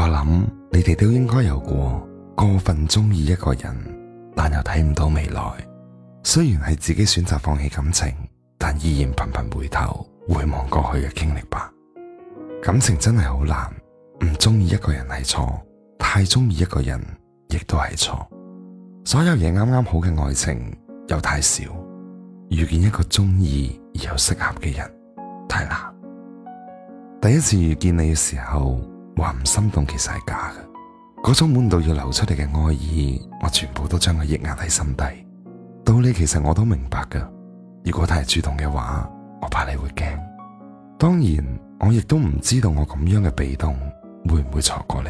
我諗你哋都應該有過過分中意一個人，但又睇唔到未來。雖然係自己選擇放棄感情，但依然頻頻回頭回望過去嘅經歷吧。感情真係好難，唔中意一個人係錯，太中意一個人亦都係錯。所有嘢啱啱好嘅愛情又太少，遇見一個中意而又適合嘅人太難。第一次遇見你嘅時候。話唔心動其實係假嘅，嗰種滿到要流出嚟嘅愛意，我全部都將佢抑壓喺心底。道理其實我都明白噶，如果太主動嘅話，我怕你會驚。當然，我亦都唔知道我咁樣嘅被動會唔會錯過你。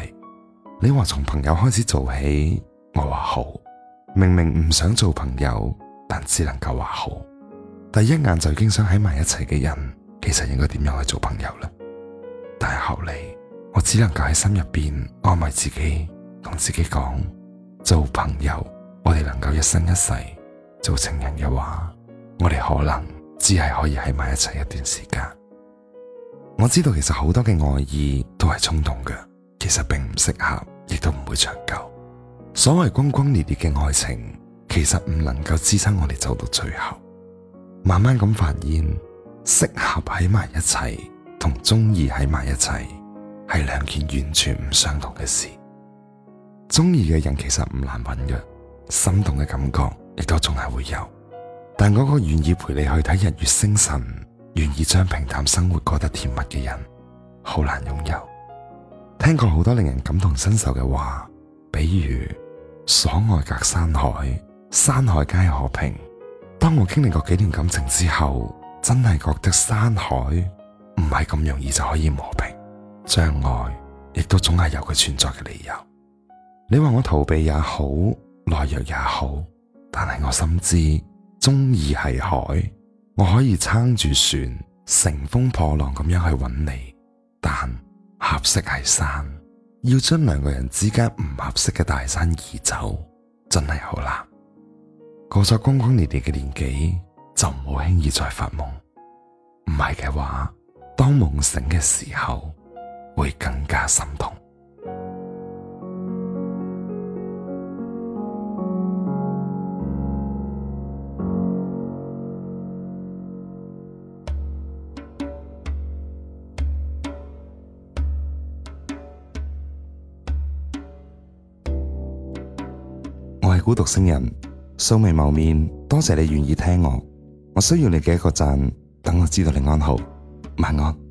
你話從朋友開始做起，我話好。明明唔想做朋友，但只能夠話好。第一眼就已經想喺埋一齊嘅人，其實應該點樣去做朋友呢？但係後嚟。我只能夠喺心入邊安慰自己，同自己講：做朋友，我哋能夠一生一世；做情人嘅話，我哋可能只係可以喺埋一齊一段時間。我知道，其實好多嘅愛意都係衝動嘅，其實並唔適合，亦都唔會長久。所謂轟轟烈烈嘅愛情，其實唔能夠支撐我哋走到最後。慢慢咁發現，適合喺埋一齊，同中意喺埋一齊。係兩件完全唔相同嘅事。中意嘅人其實唔難揾嘅，心動嘅感覺亦都仲係會有。但嗰個願意陪你去睇日月星辰，願意將平淡生活過得甜蜜嘅人，好難擁有。聽過好多令人感同身受嘅話，比如“所愛隔山海，山海皆可平”。當我經歷過幾段感情之後，真係覺得山海唔係咁容易就可以磨平。障礙亦都總係有佢存在嘅理由。你話我逃避也好，懦弱也好，但係我深知中意係海，我可以撐住船，乘風破浪咁樣去揾你。但合適係山，要將兩個人之間唔合適嘅大山移走，真係好難。過咗轟轟烈烈嘅年紀，就唔好輕易再發夢。唔係嘅話，當夢醒嘅時候。會更加心痛。我係孤獨星人，素未謀面，多謝你願意聽我。我需要你嘅一個贊，等我知道你安好，晚安。